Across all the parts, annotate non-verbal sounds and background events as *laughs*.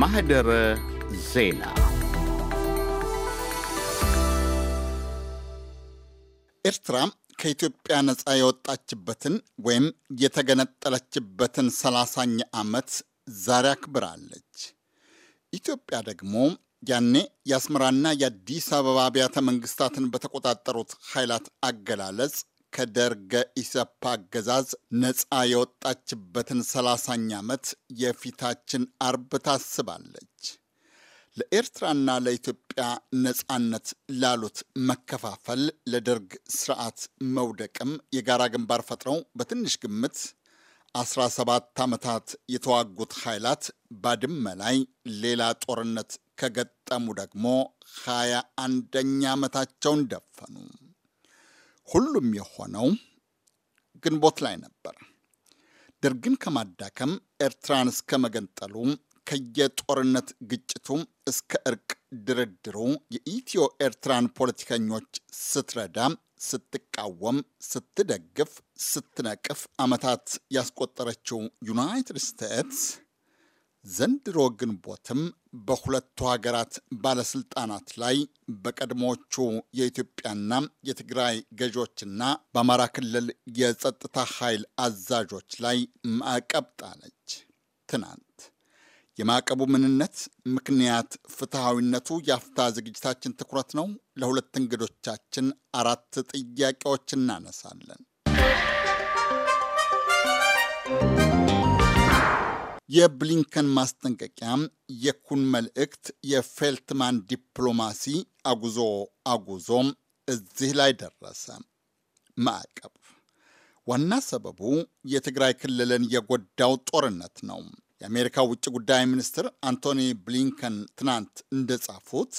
ማህደረ ዜና ኤርትራ ከኢትዮጵያ ነፃ የወጣችበትን ወይም የተገነጠለችበትን ሰላሳኛ ዓመት ዛሬ አክብራለች። ኢትዮጵያ ደግሞ ያኔ የአስመራና የአዲስ አበባ አብያተ መንግስታትን በተቆጣጠሩት ኃይላት አገላለጽ ከደርግ ኢሰፓ አገዛዝ ነፃ የወጣችበትን ሰላሳኛ ዓመት የፊታችን አርብ ታስባለች። ለኤርትራና ለኢትዮጵያ ነፃነት ላሉት መከፋፈል፣ ለደርግ ስርዓት መውደቅም የጋራ ግንባር ፈጥረው በትንሽ ግምት 17 ዓመታት የተዋጉት ኃይላት ባድመ ላይ ሌላ ጦርነት ከገጠሙ ደግሞ ሃያ አንደኛ ዓመታቸውን ደፈኑ። ሁሉም የሆነው ግንቦት ላይ ነበር። ደርግን ከማዳከም ኤርትራን እስከ መገንጠሉ ከየጦርነት ግጭቱ እስከ እርቅ ድርድሩ የኢትዮ ኤርትራን ፖለቲከኞች ስትረዳ፣ ስትቃወም፣ ስትደግፍ፣ ስትነቅፍ ዓመታት ያስቆጠረችው ዩናይትድ ስቴትስ ዘንድሮ ግንቦትም በሁለቱ ሀገራት ባለስልጣናት ላይ በቀድሞዎቹ የኢትዮጵያና የትግራይ ገዦችና በአማራ ክልል የጸጥታ ኃይል አዛዦች ላይ ማዕቀብ ጣለች። ትናንት የማዕቀቡ ምንነት፣ ምክንያት፣ ፍትሐዊነቱ የአፍታ ዝግጅታችን ትኩረት ነው። ለሁለት እንግዶቻችን አራት ጥያቄዎች እናነሳለን። የብሊንከን ማስጠንቀቂያ፣ የኩን መልእክት፣ የፌልትማን ዲፕሎማሲ አጉዞ አጉዞ እዚህ ላይ ደረሰ። ማዕቀብ ዋና ሰበቡ የትግራይ ክልልን የጎዳው ጦርነት ነው። የአሜሪካ ውጭ ጉዳይ ሚኒስትር አንቶኒ ብሊንከን ትናንት እንደጻፉት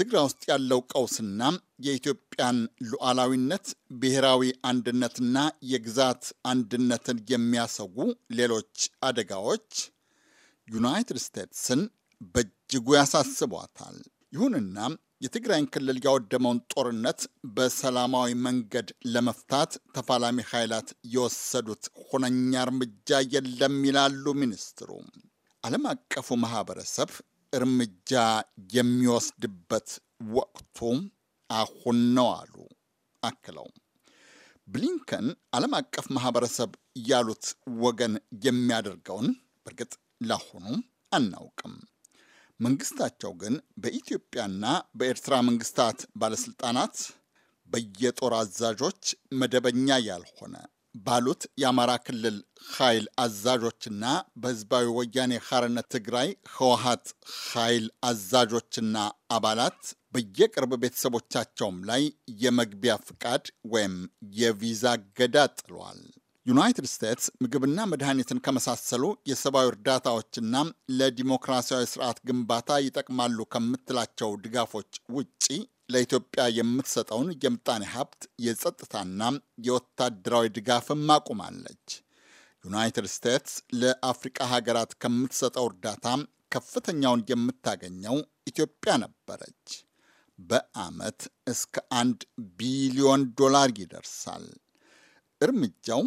ትግራይ ውስጥ ያለው ቀውስና የኢትዮጵያን ሉዓላዊነት ብሔራዊ አንድነትና የግዛት አንድነትን የሚያሰጉ ሌሎች አደጋዎች ዩናይትድ ስቴትስን በእጅጉ ያሳስቧታል። ይሁንና የትግራይን ክልል ያወደመውን ጦርነት በሰላማዊ መንገድ ለመፍታት ተፋላሚ ኃይላት የወሰዱት ሁነኛ እርምጃ የለም ይላሉ ሚኒስትሩ። ዓለም አቀፉ ማህበረሰብ እርምጃ የሚወስድበት ወቅቱ አሁን ነው አሉ። አክለው ብሊንከን ዓለም አቀፍ ማህበረሰብ ያሉት ወገን የሚያደርገውን በእርግጥ ላሁኑ አናውቅም። መንግስታቸው ግን በኢትዮጵያና በኤርትራ መንግስታት ባለስልጣናት፣ በየጦር አዛዦች መደበኛ ያልሆነ ባሉት የአማራ ክልል ኃይል አዛዦችና በህዝባዊ ወያኔ ሐርነት ትግራይ ህወሀት ኃይል አዛዦችና አባላት በየቅርብ ቤተሰቦቻቸውም ላይ የመግቢያ ፍቃድ ወይም የቪዛ እገዳ ጥሏል። ዩናይትድ ስቴትስ ምግብና መድኃኒትን ከመሳሰሉ የሰብአዊ እርዳታዎችና ለዲሞክራሲያዊ ስርዓት ግንባታ ይጠቅማሉ ከምትላቸው ድጋፎች ውጪ ለኢትዮጵያ የምትሰጠውን የምጣኔ ሀብት የጸጥታና የወታደራዊ ድጋፍም አቁማለች። ዩናይትድ ስቴትስ ለአፍሪቃ ሀገራት ከምትሰጠው እርዳታ ከፍተኛውን የምታገኘው ኢትዮጵያ ነበረች። በዓመት እስከ አንድ ቢሊዮን ዶላር ይደርሳል። እርምጃው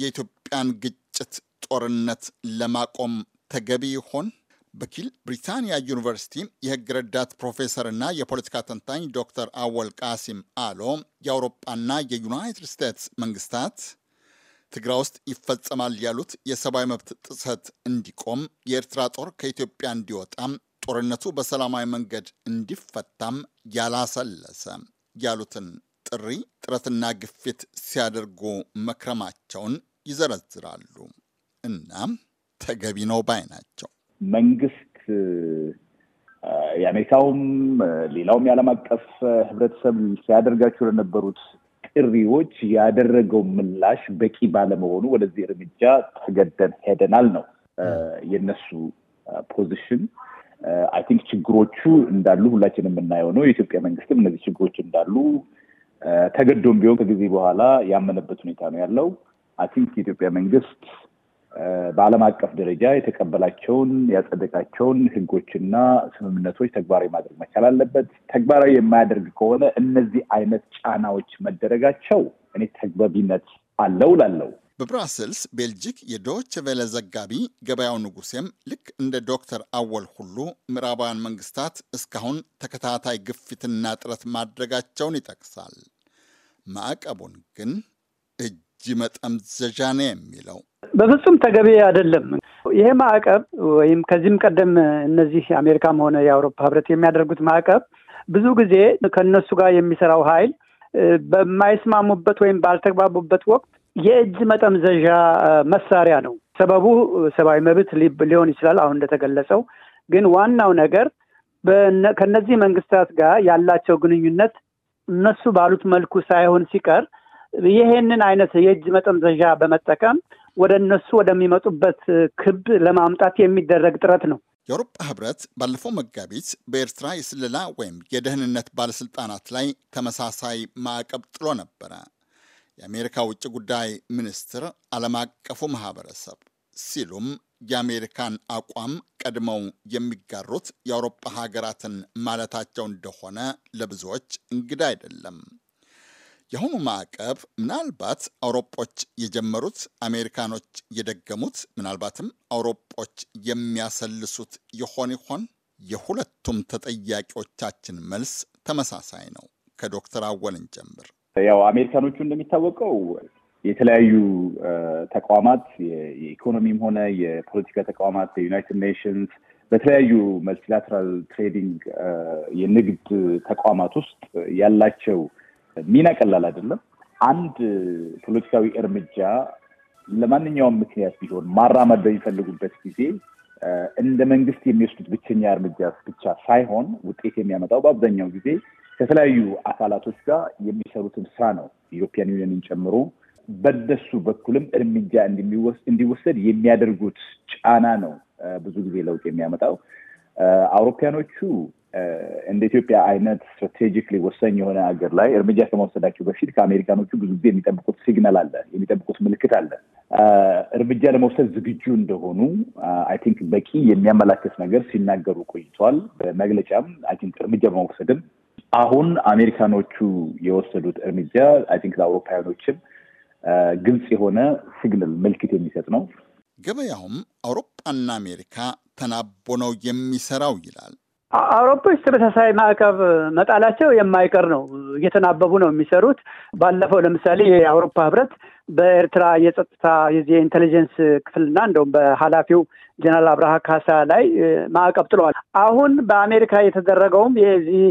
የኢትዮጵያን ግጭት ጦርነት ለማቆም ተገቢ ይሆን? በኪል ብሪታንያ ዩኒቨርሲቲ የህግ ረዳት ፕሮፌሰርና የፖለቲካ ተንታኝ ዶክተር አወል ቃሲም አሎ የአውሮጳና የዩናይትድ ስቴትስ መንግስታት ትግራይ ውስጥ ይፈጸማል ያሉት የሰብአዊ መብት ጥሰት እንዲቆም፣ የኤርትራ ጦር ከኢትዮጵያ እንዲወጣም፣ ጦርነቱ በሰላማዊ መንገድ እንዲፈታም ያላሰለሰ ያሉትን ጥሪ ጥረትና ግፊት ሲያደርጉ መክረማቸውን ይዘረዝራሉ። እና ተገቢ ነው ባይ ናቸው። መንግስት የአሜሪካውም ሌላውም የዓለም አቀፍ ህብረተሰብ ሲያደርጋቸው ለነበሩት ጥሪዎች ያደረገው ምላሽ በቂ ባለመሆኑ ወደዚህ እርምጃ ተገደን ሄደናል ነው የነሱ ፖዚሽን። አይ ቲንክ ችግሮቹ እንዳሉ ሁላችንም የምናየው ነው። የኢትዮጵያ መንግስትም እነዚህ ችግሮች እንዳሉ ተገዶም ቢሆን ከጊዜ በኋላ ያመነበት ሁኔታ ነው ያለው። አይ ቲንክ የኢትዮጵያ መንግስት በዓለም አቀፍ ደረጃ የተቀበላቸውን ያጸደቃቸውን ህጎችና ስምምነቶች ተግባራዊ ማድረግ መቻል አለበት። ተግባራዊ የማያደርግ ከሆነ እነዚህ አይነት ጫናዎች መደረጋቸው እኔ ተግባቢነት አለው ላለው በብራስልስ ቤልጂክ የዶች ቬለ ዘጋቢ ገበያው ንጉሴም ልክ እንደ ዶክተር አወል ሁሉ ምዕራባውያን መንግስታት እስካሁን ተከታታይ ግፊትና ጥረት ማድረጋቸውን ይጠቅሳል። ማዕቀቡን ግን እጅ መጠምዘዣ ነው የሚለው። በፍጹም ተገቢ አይደለም። ይሄ ማዕቀብ ወይም ከዚህም ቀደም እነዚህ የአሜሪካም ሆነ የአውሮፓ ህብረት የሚያደርጉት ማዕቀብ ብዙ ጊዜ ከእነሱ ጋር የሚሰራው ኃይል በማይስማሙበት ወይም ባልተግባቡበት ወቅት የእጅ መጠምዘዣ መሳሪያ ነው። ሰበቡ ሰብአዊ መብት ሊሆን ይችላል አሁን እንደተገለጸው። ግን ዋናው ነገር ከነዚህ መንግስታት ጋር ያላቸው ግንኙነት እነሱ ባሉት መልኩ ሳይሆን ሲቀር ይሄንን አይነት የእጅ መጠምዘዣ በመጠቀም ወደ እነሱ ወደሚመጡበት ክብ ለማምጣት የሚደረግ ጥረት ነው። የአውሮፓ ህብረት ባለፈው መጋቢት በኤርትራ የስለላ ወይም የደህንነት ባለስልጣናት ላይ ተመሳሳይ ማዕቀብ ጥሎ ነበረ። የአሜሪካ ውጭ ጉዳይ ሚኒስትር ዓለም አቀፉ ማህበረሰብ ሲሉም የአሜሪካን አቋም ቀድመው የሚጋሩት የአውሮፓ ሀገራትን ማለታቸው እንደሆነ ለብዙዎች እንግዳ አይደለም። የአሁኑ ማዕቀብ ምናልባት አውሮጶች የጀመሩት አሜሪካኖች የደገሙት ምናልባትም አውሮጶች የሚያሰልሱት ይሆን ይሆን? የሁለቱም ተጠያቂዎቻችን መልስ ተመሳሳይ ነው። ከዶክተር አወልን ጀምር። ያው አሜሪካኖቹ እንደሚታወቀው የተለያዩ ተቋማት የኢኮኖሚም ሆነ የፖለቲካ ተቋማት የዩናይትድ ኔሽንስ በተለያዩ መልቲላትራል ትሬዲንግ የንግድ ተቋማት ውስጥ ያላቸው ሚና ቀላል አይደለም። አንድ ፖለቲካዊ እርምጃ ለማንኛውም ምክንያት ቢሆን ማራመድ በሚፈልጉበት ጊዜ እንደ መንግስት የሚወስዱት ብቸኛ እርምጃ ብቻ ሳይሆን ውጤት የሚያመጣው በአብዛኛው ጊዜ ከተለያዩ አካላቶች ጋር የሚሰሩትን ስራ ነው። ኢሮፒያን ዩኒየንን ጨምሮ በነሱ በኩልም እርምጃ እንዲወሰድ የሚያደርጉት ጫና ነው ብዙ ጊዜ ለውጥ የሚያመጣው። አውሮፓያኖቹ እንደ ኢትዮጵያ አይነት ስትራቴጂክሊ ወሳኝ የሆነ ሀገር ላይ እርምጃ ከመወሰዳቸው በፊት ከአሜሪካኖቹ ብዙ ጊዜ የሚጠብቁት ሲግናል አለ፣ የሚጠብቁት ምልክት አለ። እርምጃ ለመውሰድ ዝግጁ እንደሆኑ አይ ቲንክ በቂ የሚያመላክት ነገር ሲናገሩ ቆይቷል። በመግለጫም አይ ቲንክ እርምጃ በመውሰድም አሁን አሜሪካኖቹ የወሰዱት እርምጃ አይ ቲንክ ለአውሮፓውያኖችም ግልጽ የሆነ ሲግናል ምልክት የሚሰጥ ነው። ገበያውም አውሮፓና አሜሪካ ተናቦ ነው የሚሰራው ይላል። አውሮፓዎች ተመሳሳይ ማዕቀብ መጣላቸው የማይቀር ነው። እየተናበቡ ነው የሚሰሩት። ባለፈው ለምሳሌ የአውሮፓ ህብረት በኤርትራ የጸጥታ የዚህ የኢንቴሊጀንስ ክፍልና እንደውም በኃላፊው ጀነራል አብርሃ ካሳ ላይ ማዕቀብ ጥለዋል። አሁን በአሜሪካ የተደረገውም የዚህ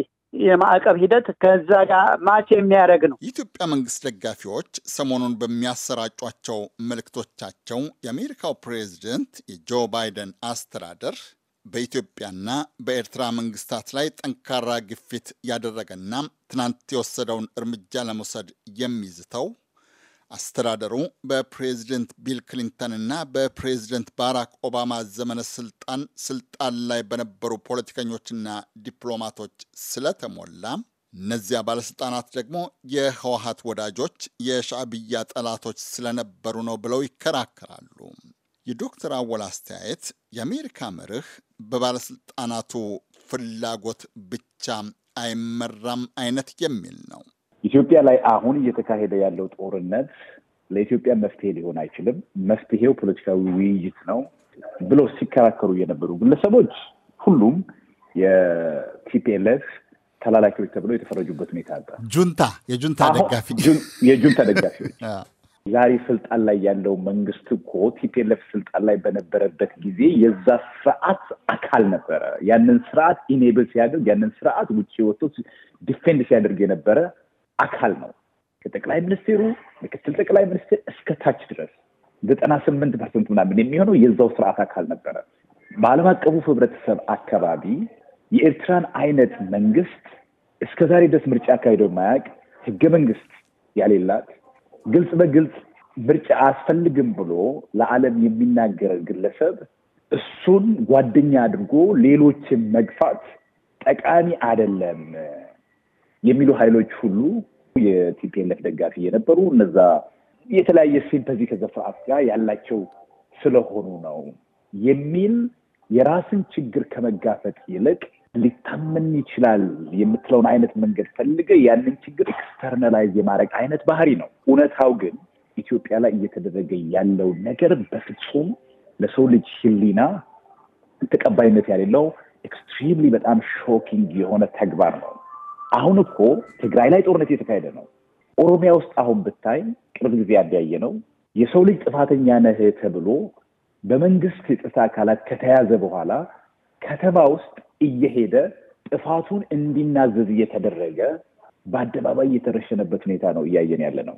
የማዕቀብ ሂደት ከዛ ጋር ማች የሚያደርግ ነው። የኢትዮጵያ መንግስት ደጋፊዎች ሰሞኑን በሚያሰራጯቸው መልእክቶቻቸው የአሜሪካው ፕሬዚደንት የጆ ባይደን አስተዳደር በኢትዮጵያና በኤርትራ መንግስታት ላይ ጠንካራ ግፊት ያደረገና ትናንት የወሰደውን እርምጃ ለመውሰድ የሚዝተው አስተዳደሩ በፕሬዚደንት ቢል ክሊንተንና በፕሬዚደንት ባራክ ኦባማ ዘመነ ስልጣን ስልጣን ላይ በነበሩ ፖለቲከኞችና ዲፕሎማቶች ስለተሞላ እነዚያ ባለስልጣናት ደግሞ የህወሀት ወዳጆች፣ የሻዕብያ ጠላቶች ስለነበሩ ነው ብለው ይከራከራሉ። የዶክተር አወል አስተያየት የአሜሪካ መርህ በባለስልጣናቱ ፍላጎት ብቻ አይመራም አይነት የሚል ነው። ኢትዮጵያ ላይ አሁን እየተካሄደ ያለው ጦርነት ለኢትዮጵያ መፍትሄ ሊሆን አይችልም። መፍትሄው ፖለቲካዊ ውይይት ነው ብሎ ሲከራከሩ የነበሩ ግለሰቦች ሁሉም የቲፒኤልኤፍ ተላላኪዎች ተብለው የተፈረጁበት ሁኔታ አለ። ጁንታ የጁንታ ደጋፊ የጁንታ ደጋፊዎች *laughs* ዛሬ ስልጣን ላይ ያለው መንግስት እኮ ቲፒኤልኤፍ ስልጣን ላይ በነበረበት ጊዜ የዛ ስርዓት አካል ነበረ። ያንን ስርዓት ኢኔብል ሲያደርግ፣ ያንን ስርዓት ውጭ ወጥቶ ዲፌንድ ሲያደርግ የነበረ አካል ነው። ከጠቅላይ ሚኒስትሩ ምክትል ጠቅላይ ሚኒስትር እስከ ታች ድረስ ዘጠና ስምንት ፐርሰንት ምናምን የሚሆነው የዛው ስርዓት አካል ነበረ። በዓለም አቀፉ ህብረተሰብ አካባቢ የኤርትራን አይነት መንግስት እስከዛሬ ድረስ ምርጫ አካሂዶ ማያውቅ ህገ መንግስት ያሌላት ግልጽ በግልጽ ምርጫ አያስፈልግም ብሎ ለዓለም የሚናገር ግለሰብ እሱን ጓደኛ አድርጎ ሌሎችን መግፋት ጠቃሚ አይደለም የሚሉ ኃይሎች ሁሉ የቲፒኤልኤፍ ደጋፊ የነበሩ እነዛ የተለያየ ሲምፐዚ ከዛ ስርዓት ጋር ያላቸው ስለሆኑ ነው የሚል የራስን ችግር ከመጋፈጥ ይልቅ ሊታመን ይችላል የምትለውን አይነት መንገድ ፈልገ ያንን ችግር ኤክስተርናላይዝ የማድረግ አይነት ባህሪ ነው። እውነታው ግን ኢትዮጵያ ላይ እየተደረገ ያለው ነገር በፍጹም ለሰው ልጅ ህሊና ተቀባይነት ያሌለው ኤክስትሪምሊ በጣም ሾኪንግ የሆነ ተግባር ነው። አሁን እኮ ትግራይ ላይ ጦርነት እየተካሄደ ነው። ኦሮሚያ ውስጥ አሁን ብታይ ቅርብ ጊዜ ያደያየ ነው። የሰው ልጅ ጥፋተኛ ነህ ተብሎ በመንግስት የጸጥታ አካላት ከተያዘ በኋላ ከተማ ውስጥ እየሄደ ጥፋቱን እንዲናዘዝ እየተደረገ በአደባባይ እየተረሸነበት ሁኔታ ነው እያየን ያለ ነው።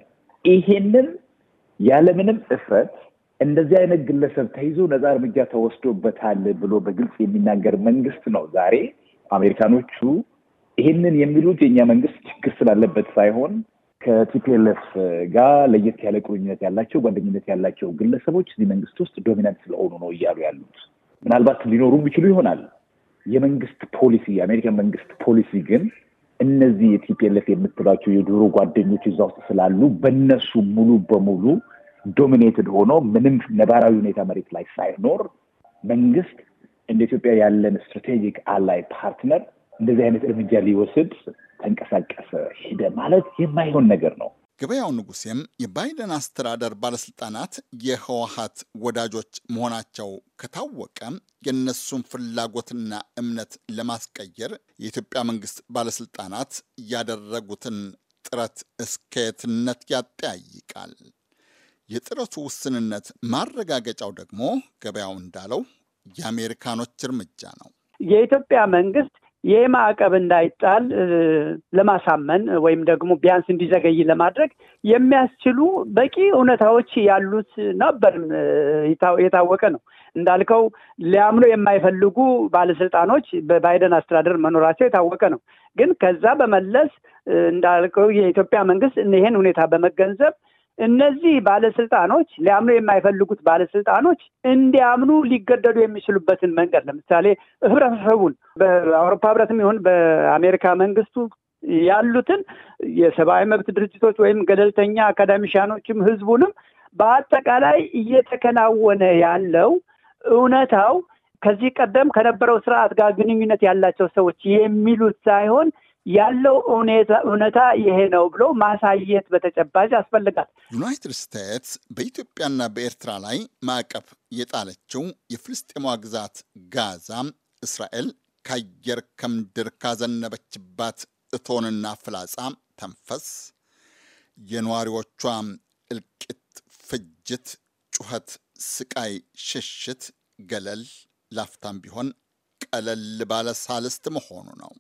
ይሄንን ያለምንም እፍረት እንደዚህ አይነት ግለሰብ ተይዞ ነፃ እርምጃ ተወስዶበታል ብሎ በግልጽ የሚናገር መንግስት ነው ዛሬ አሜሪካኖቹ ይህንን የሚሉት የእኛ መንግስት ችግር ስላለበት ሳይሆን ከቲፒኤልኤፍ ጋር ለየት ያለ ቁርኝነት ያላቸው ጓደኝነት ያላቸው ግለሰቦች እዚህ መንግስት ውስጥ ዶሚናንት ስለሆኑ ነው እያሉ ያሉት። ምናልባት ሊኖሩ የሚችሉ ይሆናል። የመንግስት ፖሊሲ የአሜሪካን መንግስት ፖሊሲ ግን እነዚህ የቲፒኤልኤፍ የምትላቸው የድሮ ጓደኞች እዛ ውስጥ ስላሉ በእነሱ ሙሉ በሙሉ ዶሚኔትድ ሆኖ ምንም ነባራዊ ሁኔታ መሬት ላይ ሳይኖር መንግስት እንደ ኢትዮጵያ ያለን ስትራቴጂክ አላይ ፓርትነር እንደዚህ አይነት እርምጃ ሊወስድ ተንቀሳቀሰ ሄደ ማለት የማይሆን ነገር ነው። ገበያው ንጉሴም የባይደን አስተዳደር ባለስልጣናት የህወሀት ወዳጆች መሆናቸው ከታወቀ የእነሱን ፍላጎትና እምነት ለማስቀየር የኢትዮጵያ መንግስት ባለስልጣናት ያደረጉትን ጥረት እስከየትነት ያጠያይቃል። የጥረቱ ውስንነት ማረጋገጫው ደግሞ ገበያው እንዳለው የአሜሪካኖች እርምጃ ነው። የኢትዮጵያ መንግስት ይህ ማዕቀብ እንዳይጣል ለማሳመን ወይም ደግሞ ቢያንስ እንዲዘገይ ለማድረግ የሚያስችሉ በቂ እውነታዎች ያሉት ነበርም የታወቀ ነው። እንዳልከው ሊያምኖ የማይፈልጉ ባለስልጣኖች በባይደን አስተዳደር መኖራቸው የታወቀ ነው። ግን ከዛ በመለስ እንዳልከው የኢትዮጵያ መንግስት ይህን ሁኔታ በመገንዘብ እነዚህ ባለስልጣኖች ሊያምኑ የማይፈልጉት ባለስልጣኖች እንዲያምኑ ሊገደዱ የሚችሉበትን መንገድ ለምሳሌ ህብረተሰቡን በአውሮፓ ህብረትም ይሁን በአሜሪካ መንግስቱ ያሉትን የሰብአዊ መብት ድርጅቶች ወይም ገለልተኛ አካዳሚሻኖችም ህዝቡንም በአጠቃላይ እየተከናወነ ያለው እውነታው ከዚህ ቀደም ከነበረው ስርዓት ጋር ግንኙነት ያላቸው ሰዎች የሚሉት ሳይሆን ያለው እውነታ ይሄ ነው ብሎ ማሳየት በተጨባጭ ያስፈልጋል። ዩናይትድ ስቴትስ በኢትዮጵያና በኤርትራ ላይ ማዕቀፍ የጣለችው የፍልስጤሟ ግዛት ጋዛ እስራኤል ከአየር ከምድር ካዘነበችባት እቶንና ፍላጻ ተንፈስ የነዋሪዎቿ እልቂት፣ ፍጅት፣ ጩኸት፣ ስቃይ፣ ሽሽት ገለል ላፍታም ቢሆን ቀለል ባለ ሳልስት መሆኑ ነው።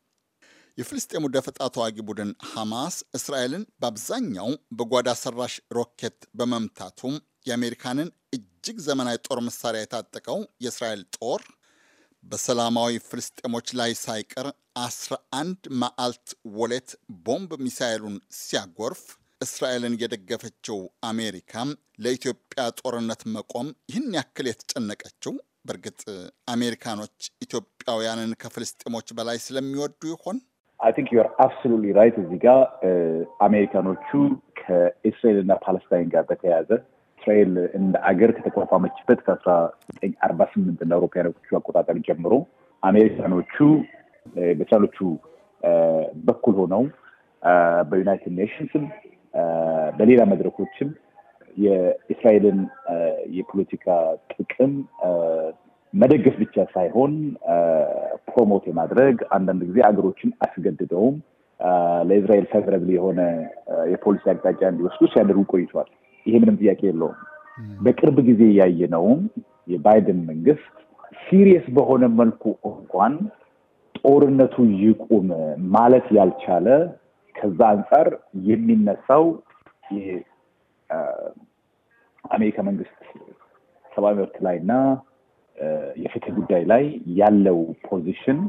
የፍልስጤሙ ደፈጣ ተዋጊ ቡድን ሐማስ እስራኤልን በአብዛኛው በጓዳ ሰራሽ ሮኬት በመምታቱም የአሜሪካንን እጅግ ዘመናዊ ጦር መሳሪያ የታጠቀው የእስራኤል ጦር በሰላማዊ ፍልስጤሞች ላይ ሳይቀር 11 ማዕልት ወሌት ቦምብ ሚሳኤሉን ሲያጎርፍ እስራኤልን የደገፈችው አሜሪካ ለኢትዮጵያ ጦርነት መቆም ይህን ያክል የተጨነቀችው በእርግጥ አሜሪካኖች ኢትዮጵያውያንን ከፍልስጤሞች በላይ ስለሚወዱ ይሆን? አይ ቲንክ ዩር አብሶሉትሊ ራይት። እዚህ ጋር አሜሪካኖቹ ከእስራኤል እና ፓለስታይን ጋር በተያያዘ እስራኤል እንደ አገር ከተቋቋመችበት ከአስራ ዘጠኝ አርባ ስምንት እና አውሮፓውያኖቹ አቆጣጠር ጀምሮ አሜሪካኖቹ በቻሎቹ በኩል ሆነው በዩናይትድ ኔሽንስም በሌላ መድረኮችም የእስራኤልን የፖለቲካ ጥቅም መደገፍ ብቻ ሳይሆን ፕሮሞት የማድረግ አንዳንድ ጊዜ አገሮችን አስገድደውም ለእስራኤል ፌቨራብል የሆነ የፖሊሲ አቅጣጫ እንዲወስዱ ሲያደርጉ ቆይቷል። ይሄ ምንም ጥያቄ የለውም። በቅርብ ጊዜ ያየነውም የባይደን መንግስት ሲሪየስ በሆነ መልኩ እንኳን ጦርነቱ ይቁም ማለት ያልቻለ ከዛ አንጻር የሚነሳው የአሜሪካ መንግስት ሰብአዊ መብት ላይ እና የፍትህ ጉዳይ ላይ ያለው ፖዚሽን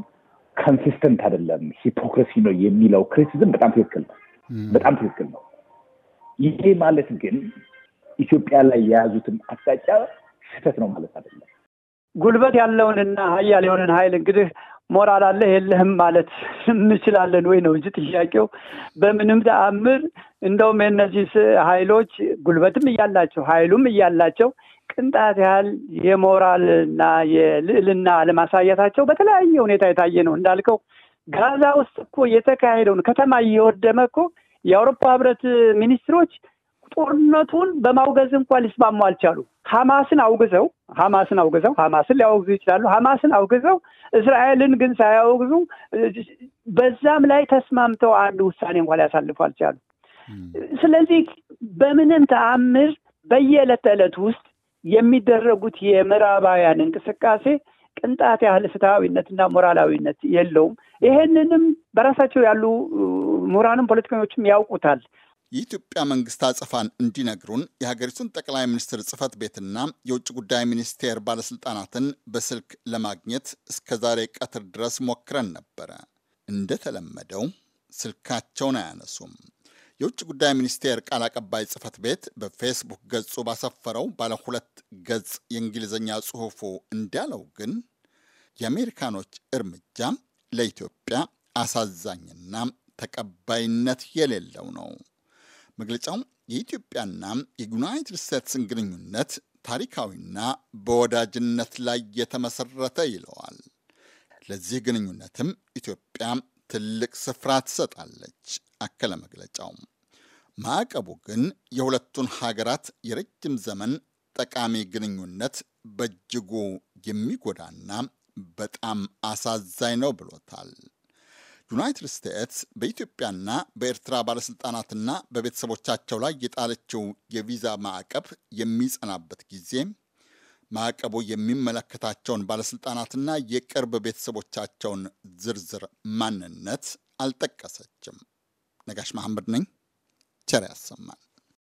ከንሲስተንት አይደለም፣ ሂፖክሪሲ ነው የሚለው ክሪቲዝም በጣም ትክክል ነው። በጣም ትክክል ነው። ይሄ ማለት ግን ኢትዮጵያ ላይ የያዙትን አቅጣጫ ስህተት ነው ማለት አይደለም። ጉልበት ያለውንና ሀያል የሆነን ኃይል እንግዲህ ሞራል አለህ የለህም ማለት እንችላለን ወይ ነው እንጂ ጥያቄው በምንም ተአምር እንደውም የእነዚህ ኃይሎች ጉልበትም እያላቸው ሀይሉም እያላቸው ቅንጣት ያህል የሞራልና የልዕልና ለማሳየታቸው በተለያየ ሁኔታ የታየ ነው። እንዳልከው ጋዛ ውስጥ እኮ የተካሄደውን ከተማ እየወደመ እኮ የአውሮፓ ህብረት ሚኒስትሮች ጦርነቱን በማውገዝ እንኳን ሊስማሙ አልቻሉ። ሀማስን አውግዘው ሀማስን አውግዘው ሀማስን ሊያወግዙ ይችላሉ። ሀማስን አውግዘው እስራኤልን ግን ሳያወግዙ በዛም ላይ ተስማምተው አንድ ውሳኔ እንኳን ሊያሳልፉ አልቻሉ። ስለዚህ በምንም ተአምር በየዕለት ተዕለት ውስጥ የሚደረጉት የምዕራባውያን እንቅስቃሴ ቅንጣት ያህል ፍትሐዊነትና ሞራላዊነት የለውም። ይሄንንም በራሳቸው ያሉ ምሁራንም ፖለቲከኞችም ያውቁታል። የኢትዮጵያ መንግስት አጸፋን እንዲነግሩን የሀገሪቱን ጠቅላይ ሚኒስትር ጽህፈት ቤትና የውጭ ጉዳይ ሚኒስቴር ባለስልጣናትን በስልክ ለማግኘት እስከ ዛሬ ቀትር ድረስ ሞክረን ነበረ። እንደተለመደው ስልካቸውን አያነሱም። የውጭ ጉዳይ ሚኒስቴር ቃል አቀባይ ጽህፈት ቤት በፌስቡክ ገጹ ባሰፈረው ባለ ሁለት ገጽ የእንግሊዝኛ ጽሑፉ እንዳለው ግን የአሜሪካኖች እርምጃ ለኢትዮጵያ አሳዛኝና ተቀባይነት የሌለው ነው። መግለጫው የኢትዮጵያና የዩናይትድ ስቴትስን ግንኙነት ታሪካዊና በወዳጅነት ላይ የተመሰረተ ይለዋል። ለዚህ ግንኙነትም ኢትዮጵያ ትልቅ ስፍራ ትሰጣለች። አከለ መግለጫው። ማዕቀቡ ግን የሁለቱን ሀገራት የረጅም ዘመን ጠቃሚ ግንኙነት በእጅጉ የሚጎዳና በጣም አሳዛኝ ነው ብሎታል። ዩናይትድ ስቴትስ በኢትዮጵያና በኤርትራ ባለሥልጣናትና በቤተሰቦቻቸው ላይ የጣለችው የቪዛ ማዕቀብ የሚጸናበት ጊዜ ማዕቀቡ የሚመለከታቸውን ባለሥልጣናትና የቅርብ ቤተሰቦቻቸውን ዝርዝር ማንነት አልጠቀሰችም። ነጋሽ መሐመድ ነኝ። ቸር ያሰማን።